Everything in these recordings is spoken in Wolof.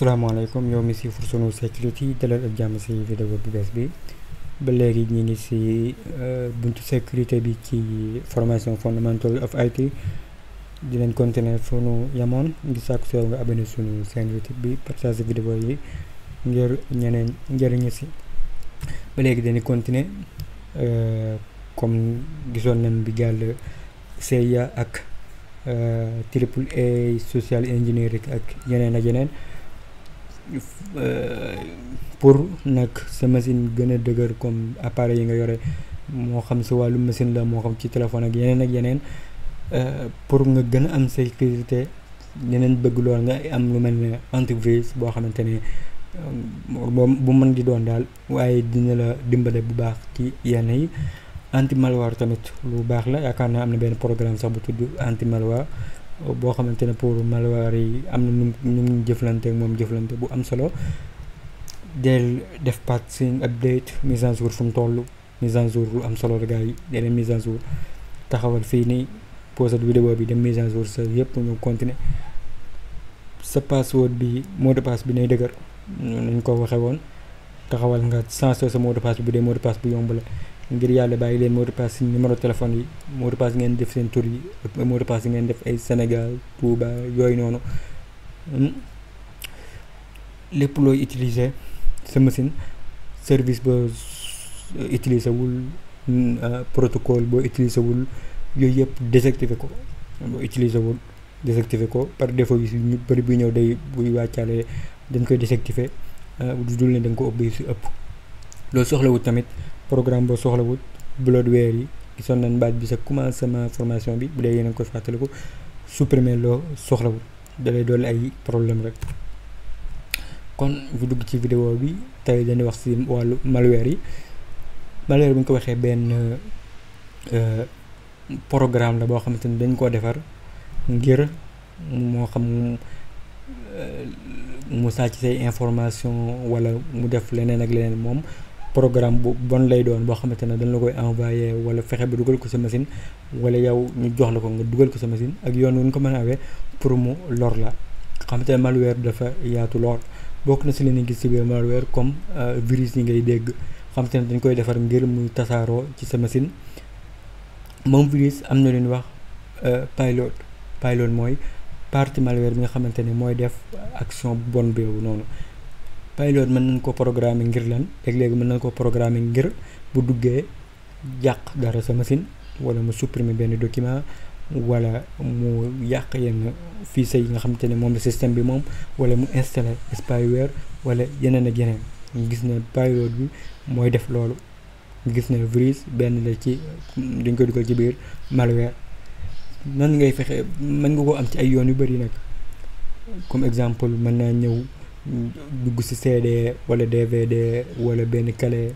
salaamaaleykum yow mi si sunu sécurité dalal ak jàmm si vidéo bu bees bi ba léegi ñu ngi si euh, buntu sécurité bi ci formation fondamentale of IT dinañ continuer fu nu yamoon ngi sàkku si yow nga abonné sunu chaîne YouTube bi partage vidéo yi ngir ñeneen njëriñu si ba léegi dañuy continuer euh, comme gisoon nañ bi jàll CIA ak euh, triple A social engineering ak yeneen ak yeneen. pour nag sa machine gën a dëgër comme appareil yi nga yore moo xam si wàllu machine la moo xam ci téléphone ak yeneen ak yeneen euh, pour nga gën a am sécurité yeneen bëgg lool nga am lu mel ne entreprise boo xamante ni euh, boo bu mën di doon daal waaye dina la dimbale bu baax ci yenn yi anti malware tamit lu baax la yaakaar naa am na benn programme sax bu tudd anti malware boo xamante ne pour malware yi am na nu nu mu jëflante moom jëflante bu am solo del def patching update mise à jour fu mu toll mise à jour lu am solo la gars yi deneen mise à jour taxawal fii nii posé vidéo bi dem mise à jour sa yëpp ñu continuer sa password bi mot de passe bi nay dëgër nañ ko waxee woon taxawal nga changé sa mot de bi bu dee mot de passe bu yomb la ngir yàlla bàyyi leen mot de passe si numéro téléphone yi mot de passe ngeen def seen tur yi mot de passe ngeen def ay Sénégal Touba yooyu noonu hmm. lépp looy utiliser sa machine service ba utiliser wul hmm, euh, protocole boo utiliser wul yooyu yëpp désactiver ko boo utiliser wul désactiver ko par défaut yi ñu bëri buy ñëw day buy wàccaale dañ koy désactiver euh, du dul ne da nga ko ubbi si ëpp loolu soxlawul tamit. programme boo soxlawul weer yi gisoon nañ baat bi sa commencement formation bi bu dee yéen a ngi koy fàttaliku supprimer loo soxlawul dalay dolli ay problème rek kon ñu dugg ci vidéo bi tey dañuy wax si wàllu malware yi malware bu ko waxee benn euh, programme la boo xamante ni dañ koo defar ngir moo xam euh, mu sàcc say information wala mu def leneen ak leneen moom programme bu bon lay doon boo xamante ne dañ la koy envoyé wala fexe ba dugal ko sa machine wala yow ñu jox la ko nga dugal ko sa machine ak yoon wu ñu ko mën a pour mu lor la xamante ne malware dafa yaatu lool bokk na si leen ñu gis si biir malware comme euh, virus yi ngay dégg xamante ne dañ koy defar ngir muy tasaaroo ci sa machine moom virus am na lu ñuy wax euh, payload payload mooy partie malware bi nga xamante ne mooy def action bon boobu noonu. pilot mën nañ ko programme ngir lan léegi mën nañ ko programmer ngir bu duggee yàq dara sa machine wala mu supprimer benn document wala mu yàq yenn fichier yi nga xamante ne moom la système bi moom wala mu installer weer wala yeneen ak yeneen gis ne pilot bi mooy def loolu gis na virus benn la ci dañ ko dugal ci biir malware nan ngay fexe mën nga ko am ci ay yoon yu bari nag comme exemple mën naa ñëw dugg si CD wala DVD wala benn clé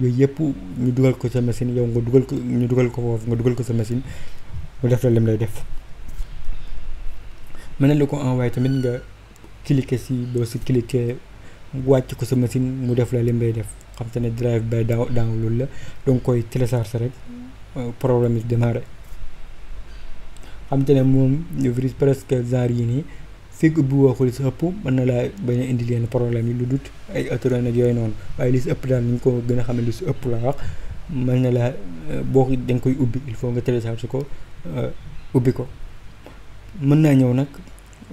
yooyu yëpp ñu dugal ko sa machine yow nga dugal ko ñu dugal ko foofu nga dugal ko sa machine mu def la lim lay def mën na la ko envoyé tamit nga cliquer si boo si mu wàcc ko sa machine mu def la lim lay def xam ne drive by download la donc koy télécharge rek euh, programme yi démarré xam ne moom virus presque genre yi nii fekk ubbi woo ko li si ëpp mën na laa bañ indi leen problème yi lu dut ay autoroute ak yooyu noonu waaye li si ëpp daal ni ñu ko gën a xam ne li si ëpp laa wax mën na laa boo ko dañ koy ubbi il faut nga télécharge ko euh, ubbi ko mën naa ñëw nag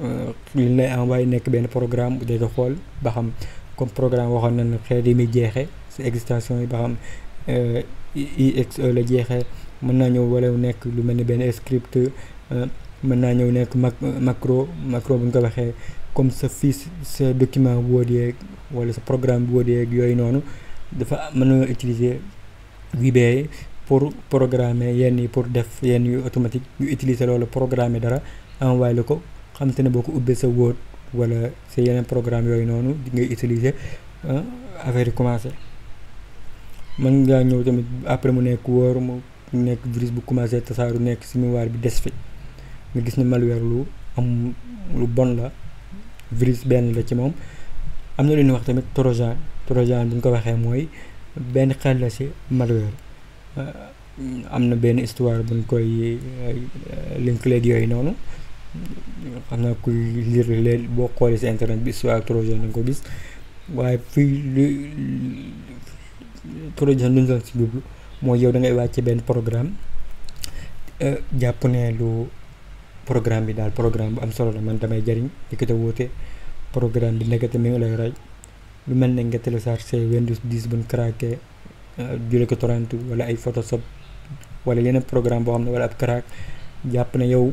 euh, li lay envoyé nekk benn programme bu dee ko xool ba xam comme programme waxoon nañ ne xeet yi muy jeexee si excitation yi ba xam euh, IXE la jeexee mën naa ñëw wala nekk lu mel ni benn script mën naa ñëw nekk mac macro macro bu ñu ko waxee comme sa fiche sa document bu Word yeeg wala sa programme bu Word yeeg yooyu noonu dafa mën na utiliser VBA pour programmer yenn yi pour def yenn yu automatique yu utiliser loolu programmer dara envoyé la ko xam te ne boo ko ubbee sa Word wala sa yeneen programme yooyu noonu di ngay utiliser affaire yi commencé mën ngaa ñëw tamit après mu nekk Word mu nekk virus bu commencé tasaaru nekk simiwaar bi des nga gis ni malware lu am lu bon la virus benn la ci moom am na lu ñuy wax tamit trojan trojan bu ko waxee mooy benn xel la si malware euh, am na benn histoire buñ koy euh, link léegi yooyu noonu xam naa kuy lire leen boo xoolee si internet bi histoire trojan da ko gis waaye fii lu trojan lu ñu doon si jublu mooy yow da ngay wàcce benn programme euh, jàpp ne lu programme bi daal programme bu am solo la man damay jariñ di ko te woote programme bi nekk te mi ngi lay rey lu mel ne nga téléchargé Windows 10 buñ craqué euh, jule ko torrent wala ay Photoshop wala yeneen programme boo xam ne wala ab crack jàpp na yow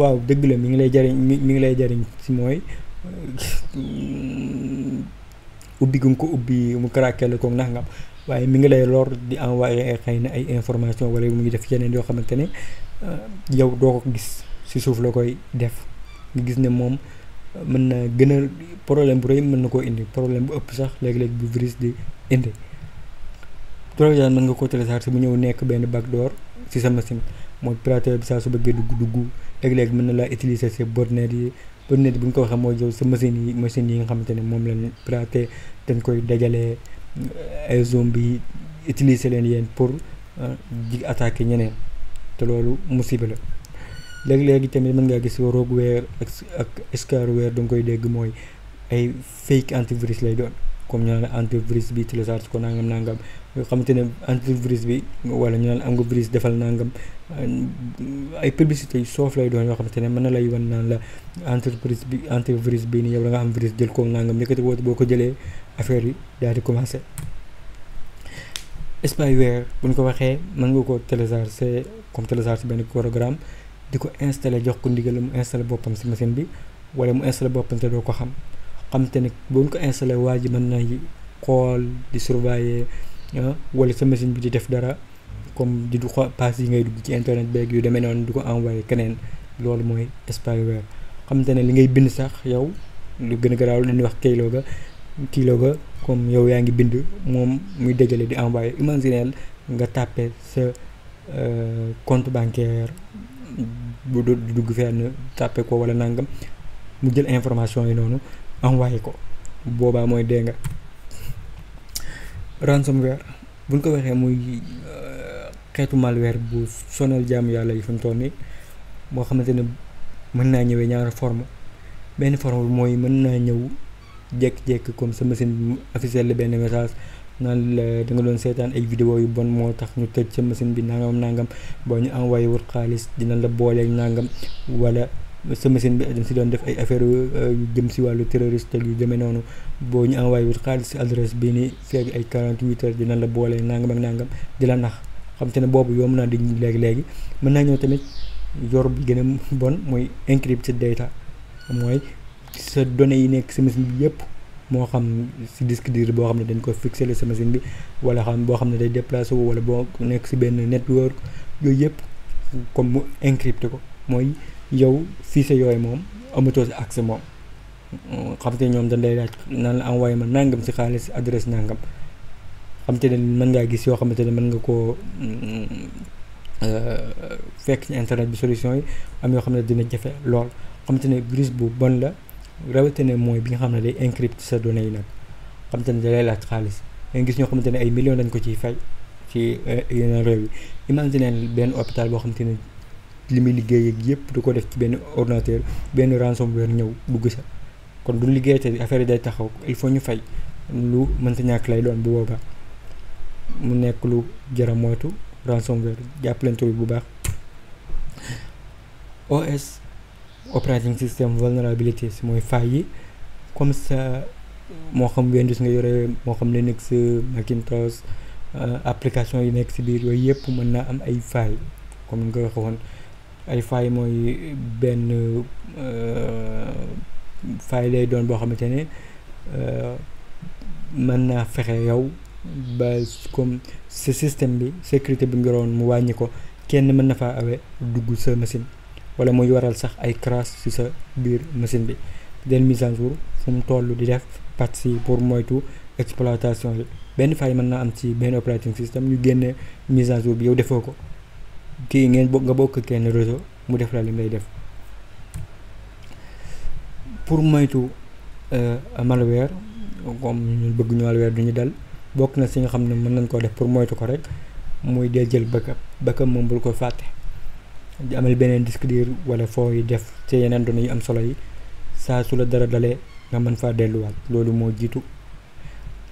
waaw dëgg la mi ngi lay jariñ mu ngi lay jariñ si mooy euh, ubbi gu nga ko ubbi mu craqué la ko nax nga waaye mi ngi lay lor di envoyé ay xëy na ay information wala mu ngi def yeneen yoo xamante ne euh, yow doo si suuf la koy def nga gis ne moom euh, mën naa gën a problème bu rëy mën na koo indi problème bu ëpp sax léeg-léeg bu virus di indi trojan mën nga ko télécharger mu ñëw nekk benn backdoor si sa machine mooy pirateur bi saa su bëggee dugg dugg léeg-léeg mën na laa utiliser sa botnet yi botnet yi bu ñu ko waxee mooy yow sa machine yi machine yi nga xamante ne moom lañ pirateur dañ koy dajale euh, ay zombie utiliser leen yéen pour euh, di yi ñeneen te loolu musiba la léegi-léegi tamit mën ngaa gis rogueware ak ak scareware da nga koy dégg mooy ay fake antivirus lay doon comme ñu naan antivirus bi télécharge ko nangam nangam nga xamante ne antivirus bi wala ñu naan defal nangam euh, ay publicité soof lay doon yoo xamante ne mën na lay wan naan la entreprise bi entreprise bi nii yow da nga am virus jël ko nangam nekkati woote boo ko jëlee affaire yi daal di commencé. spyware bu ñu ko waxee mën nga ko télécharger comme télécharger benn programme. di ko installé jox ko ndigal mu installé boppam si machine bi wala mu installé boppam te doo ko xam xam te ne boo ko installé waa ji mën na xool di surveiller ah, wala sa machine bi di def dara comme di du xo pass yi ngay dugg ci internet beeg yu demee noonu di ko envoyé keneen loolu mooy spyware xam ne li ngay bind sax yow lu gën a garaaw li ñuy wax kilo ga kilo ga comme yow yaa ngi bind moom muy dajale di envoyé imagineel nga tàppe sa euh, compte bancaire bu du dugg fenn tàppe ko wala nangam mu jël information yi noonu envoyé ko boobaa mooy dee nga ransomware buñ ko waxee muy euh, xeetu malware bu sonal jàmm yàlla yi fi mu toll nii moo xamante ne mën naa ñëwee ñaari forme benn forme bi mooy mën naa ñëw jékki-jékki comme sa machine officielle benn message naan la da nga doon seetaan ay vidéo yu bon moo tax ñu tëj sa machine bi nangam nangam boo ñu envoyé wut xaalis dina la booleeg nangam wala sa machine bi dañ si doon def ay affaire yu euh, jëm si wàllu terroriste yu jëmee noonu boo ñu envoyé wut xaalis si adresse bii ni feeg ay 48 heures dina la booleeg nangam ak nangam di la nax xam te ne boobu yomb naa di léegi léegi mën naa ñëw tamit yor bi gën a bon mooy encrypted data mooy sa données yi nekk sa machine yëpp. moo xam si disque dur boo xam ne dañ ko fixé sa machine bi wala xam boo xam ne day déplacé wu wala boo nekk si benn network yooyu yëpp comme mu encrypté ko mooy yow fichier yooyu moom amatoo si accès moom xam te ñoom dañ day laaj naan la envoyé ma nàngam si xaalis adresse nàngam xam te ne mën ngaa gis yoo xamante ne mën nga koo mm, euh, fekk ci internet bi solution yi am yoo xam ne dina jafe lool xam ne virus bu bon la rawatina mooy bi nga xam ne day encrypte sa données yi nag xam te ne da lay laaj xaalis da gis ñoo xamante ne ay millions lañ ko ciy fay ci euh, yeneen réew yi imagine benn hôpital boo xamante ne li muy liggéey ak yëpp du ko def ci benn ordinateur benn ransomware ñëw dugg sa kon du liggéey te affaire yi day taxaw il faut ñu fay lu mënta ñàkk lay doon bu boobaa mu nekk lu jar a moytu ransomware jàppalante bu baax operating system vulnerabilities mooy failles yi comme ça moo xam si nga yore moo xam Linux Macintosh euh, application yi nekk si biir yooyu yëpp mën naa am ay failles comme nga waxoon ay failles mooy benn euh, faille lay doon boo xamante ne euh, mën naa fexe yow ba comme ce système bi sécurité bi nga yoroon mu wàññi ko kenn mën na faa awe dugg sa machine. wala muy waral sax ay crash ci sa biir machine bi den mise à jour fu mu toll di def patch yi pour moytu exploitation yi benn faille mën na am ci benn operating system ñu génne mise à bi yow defoo ko kii ngeen bokk nga bokk kenn réseau mu def la li ngay def pour moytu euh, malware comme ñu bëgg ñu malware du ñu dal bokk na si nga xam ne mën nañ koo def pour moytu ko rek muy dee jël backup backup moom bul ko fàtte di amal beneen disque dur wala fooy def te yeneen données yu am solo yi saa su la dara dalee nga man faa delluwaat loolu moo jiitu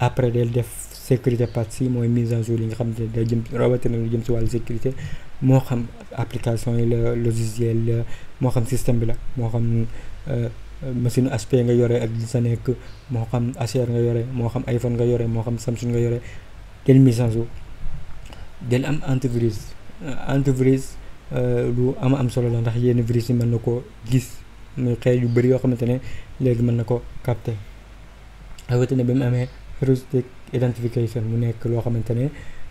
après del def sécurité patch yi mooy mise à jour yi nga xam ne day jëm rawatina lu jëm si wàllu sécurité moo xam application yi la logiciel la moo xam système bi la moo xam euh, machine HP nga yore ak li sa nekk moo xam acer nga yore moo xam iPhone nga yore moo xam Samsung nga yore del mise à jour del am antivirus euh, antivirus Euh, lu am am solo la ndax yenn virus yi mën na koo gis muy xeet yu bëri yoo xamante ne léegi mën na ko capter rawatina bi mu amee virus identification mu nekk loo xamante ne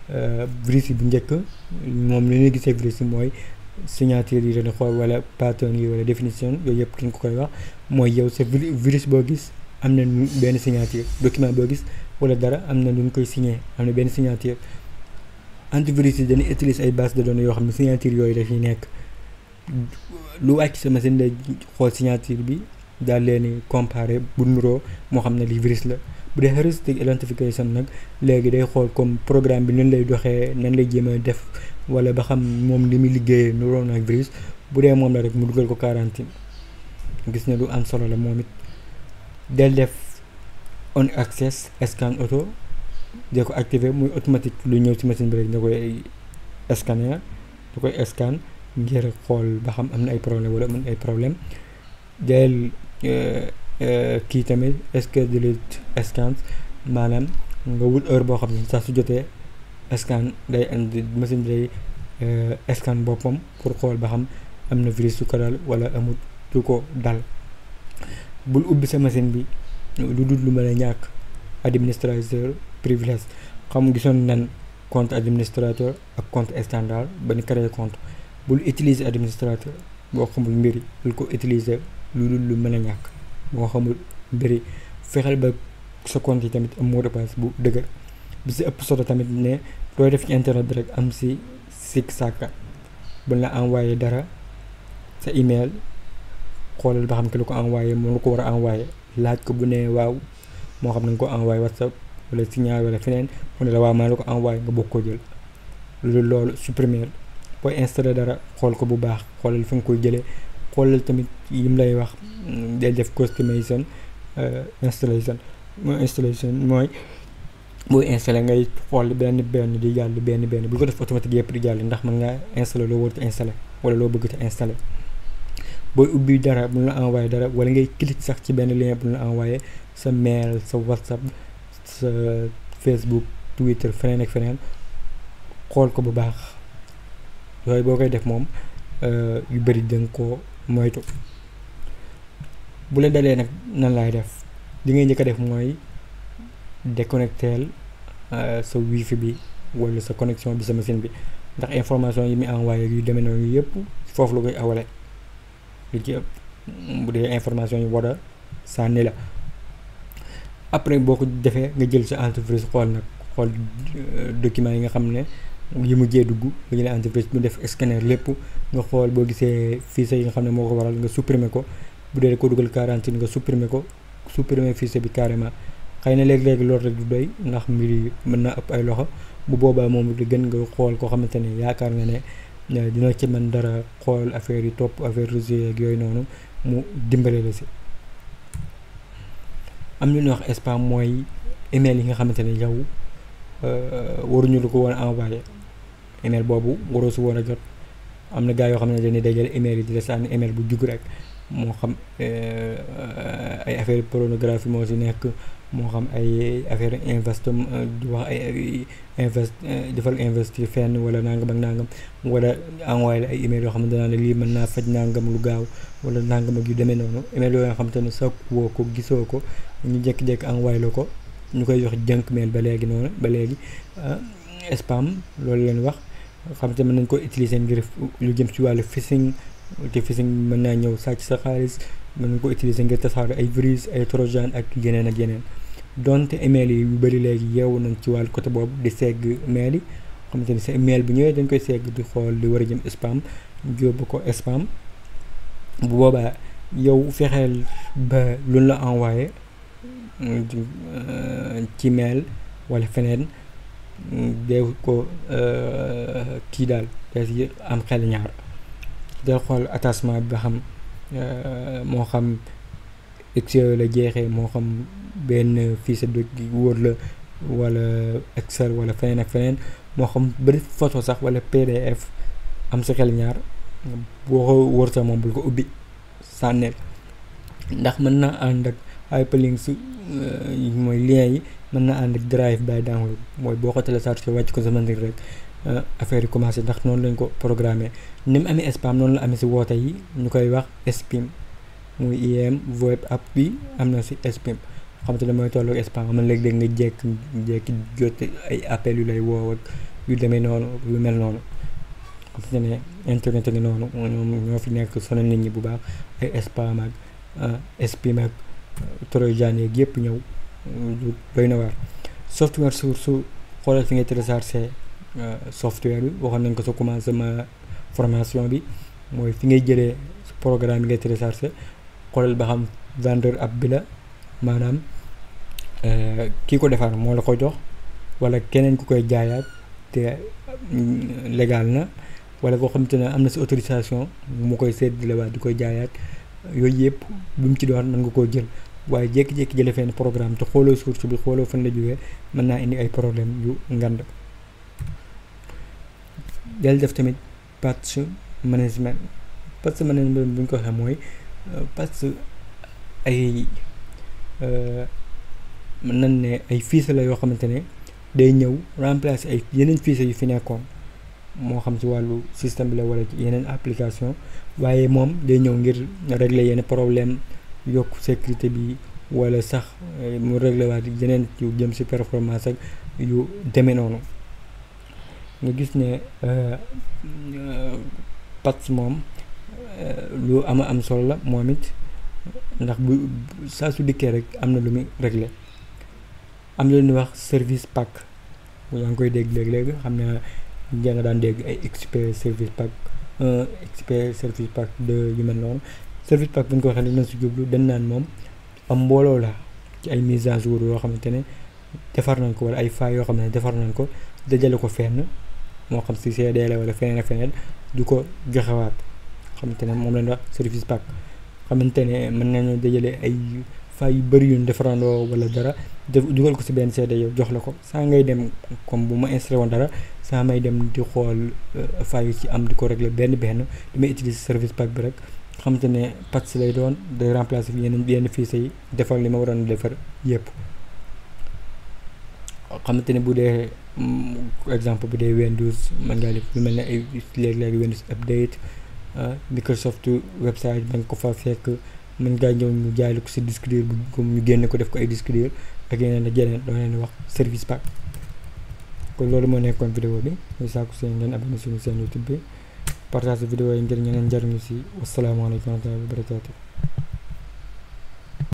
euh, virus yi bu njëkk moom li ñuy gisee virus yi mooy signature yi dañuy xool wala pattern yi wala définition yooyu yëpp ki ñu ko koy wax mooy yow sa virus boo gis am na benn signature document boo gis wala dara am na lu ñu koy signé am na benn signature antivirus yi dañuy utiliser ay base de données yoo xam ne signature yooyu dafiy nekk lu wàcc sa machine day xool signature bi daal leen comparer bu nuroo moo xam ne li virus la bu dee heuristic identification nag léegi day xool comme programme bi nan lay doxee nan lay jéem a def wala ba xam moom li muy liggéeyee nuroo nag ak virus bu dee moom la rek mu dugal ko quarantine gis ne lu am solo la moom it del def on access scan auto dee ko activé muy automatique lu ñëw ci machine bi rek da koy scanner da koy scan ngir xool ba xam am na ay problème wala mun ay problème jël euh, euh, kii tamit schedule scan maanaam nga wut heure boo xam ne saa su jotee scan day indi machine bi day euh, scan boppam pour xool ba xam am na virus su ko dal wala amul su ko dal bul ubbi sa machine bi lu dul lu ma a ñàkk administrateur privilège xam gisoon nan compte administrateur ak compte standard ba ñu créé compte bul utiliser administrateur boo xamul mbiri bul ko utiliser lu dul lu mën a ñàkk boo xamul mbiri fexeel ba sa compte yi tamit am mot de bu dëgër bi si ëpp solo tamit ne looy def ci internet bi rek am si sikk sàkka buñ la envoyé dara sa email xoolal ba xam ki lu ko envoyé moo lu ko war a envoyé laaj ko bu nee waaw moo xam na nga ko envoyé whatsapp wala signal la feneen mu ne la waa maa la ko envoyé nga bokk ko jël lu loolu supprimer booy installé dara xool ko bu baax xoolal fi nga koy xool la tamit yim lay wax mm, day def customization euh, installation mooy installation mooy booy installé ngay xool benn benn di jàll benn benn bu ko def automatique yëpp di jàll ndax mën nga installé loo warut installé wala loo bëgg te installé booy ubbi dara bu ñu la envoyé dara wala ngay clique sax ci benn lien bu ñu la envoyé sa mail sa whatsapp Facebook Twitter feneen ak feneen xool ko bu baax yooyu boo koy def moom euh, yu bëri danga ko moytu bu la dalee nag nan laay def li ngay njëkk def mooy déconnecteel euh, sa fi bi wala sa connexion bi sa machine bi ndax information yi muy envoyé yu demee noonu yëpp foofu la koy awale li ci ëpp bu dee information yi war a sànni la après boo ko defee nga jël sa entreprise xool nag xool euh, document yi nga xam ne yi mu jee dugg nga jëlee entreprise mu def scanner lépp nga xool boo gisee fichier yi nga xam ne moo ko waral nga supprimer ko bu dee ko dugal quarantine nga supprimer ko supprimer fichier bi carrément xëy na léeg-léeg loolu rek du doy ndax mbir mën na ëpp ay loxo bu boobaa moom di gën nga xool koo xamante ne yaakaar nga ne euh, dina ci mën dara xool affaire yi topp affaire réseau yeeg yooyu noonu mu dimbale la si am ñu ñuy wax spam mooy email yi nga xamante ne yow euh, waruñu lu ko woon a envoyé email boobu waroo si woon a jot am na gaa yoo xam ne dañuy dajale email yi di la sànni email bu jug rek moo xam euh, euh, ay affaire pornographie moo si nekk moo xam ay affaire investment euh, di wax ay invest defal investir fenn wala nangam ak nangam wala envoyé ay email yoo xam ne danaa lii mën naa faj nangam lu gaaw wala nangam ak yu demee noonu email yoo nga xamante ne sakkuwoo ko gisoo ko ñu jékki-jékki envoyé la ko ñu koy wax junk mail ba léegi noonu ba léegi spam loolu leen wax xam te mën nañ ko utiliser ngir lu jëm ci wàllu phishing te phishing mën naa ñëw sàcc sa xaalis mën nga ko utiliser ngir tasaare ay virus ay trojan ak yeneen ak yeneen donte email yi yu bëri léegi yeewu nañ ci wàllu côté boobu di segg mail yi xamante ni sa email bi ñëwee dañ koy segg di xool li war a jëm spam yóbbu ko espam bu boobaa yow fexeel ba luñ la envoyé euh, ci mail wala feneen dee ko euh, kii daal dee si am xel ñaar del xool attachement bi ba xam euh, moo xam ex la jeexee moo xam benn fii sa doj gi wóor la wala excel wala feneen ak feneen moo xam benn photo sax wala pdf am sa xel ñaar boo ko wóor sa moom bul ko ubbi sànneel ndax mën na ànd ak hyperlinks euh, mooy lien yi mën na ànd ak drive by download mooy boo ko téléchargé wàcc ko sa mën rek Euh, affaire yi commencé ndax noonu lañ ko programme ni mu amee spam noonu la amee si woote yi ñu koy wax spam muy IM VoIP app bi am na si spam xam te ne mooy tollu spam man léeg-léeg nga jékki jékki jot ay yu lay woo ak yu demee noonu yu mel noonu xam te ne internet ngi noonu ñoo fi nekk sonal nit ñi bu baax ay spam ak ah, spam ak trojan yeeg yëpp ñëw doy na waar software su su xoolal fi nga téléchargé Euh, software bi waxoon nañ ko sa commencement formation bi mooy fi ngay jëlee programme bi nga ngay téléchargé xoolal ba xam vendeur app bi la maanaam euh, kii ko defar moo la ko jox wala keneen ku koy jaayaat te mm, légal na wala koo xamante ne am na si autorisation mu koy séddalewaat di koy jaayaat yooyu yëpp bi mu ci doon mën nga koo jël waaye jekki jékki jëlee fenn programme te xooloo su bi xooloo fan la jógee mën naa indi ay problème yu ngande dal def tamit patch management patch management bu ñu ko waxee mooy euh, patch ay euh, mën nañ ne ay fiches la yoo xamante ne day ñëw remplacer ay yeneen fiches yu fi nekkoon moo xam ci wàllu système bi la wala yeneen application waaye moom day ñëw ngir régler yenn problème yokk sécurité bi wala sax euh, mu régler waat yeneen yu jëm ci performance ak yu demee noonu. nga gis ne euh, euh, Pats moom euh, lu ama am solo la moom it ndax bu saa su dikkee rek am na lu muy réglé am na lu ñuy wax service pack yaa ngi koy dégg léegi-léegi xam ne yaa nga daan dégg ay XP service pack 1 XP service pack de yu mel noonu service pack bu ñu ko waxee ne leen si jublu dañ naan moom am mbooloo la ci ay mise à jour yoo xamante ne defar nañ ko wala ay failles yoo xam ne defar nañ ko dajale ko fenn. moo xam si CDL wala feneen ak feneen du ko joxewaat xamante ne moom lañ wax service pack xamante ne mën nañoo dajale ay fay yu bëri yu ñu defarandoo wala dara def dugal ko si benn CD yow jox la ko saa ngay dem comme bu ma installé woon dara saa may dem di xool euh, fay yu ci am di ko régler benn benn damay utiliser service pack bi rek xamante ne si lay doon day remplacer yenn yenn fii say defal li ma waroon defar yépp xamante bu dee. Mm, exemple bu dee Windows man ngaa def lu mel ne ay léeg-léeg Windows update ah, Microsoft website ba nga ko fa fekk mën ngaa ñëw ñu jaay ko si disque dur bu ñu génn ko def ko ay disque ak yeneen ak yeneen dama leen wax service pack kon loolu moo nekkoon vidéo bi ñu saako seen ngeen abonné suñu seen YouTube bi partage vidéo yi ngir ñeneen njariñu si wasalaamaaleykum wa rahmatulah wa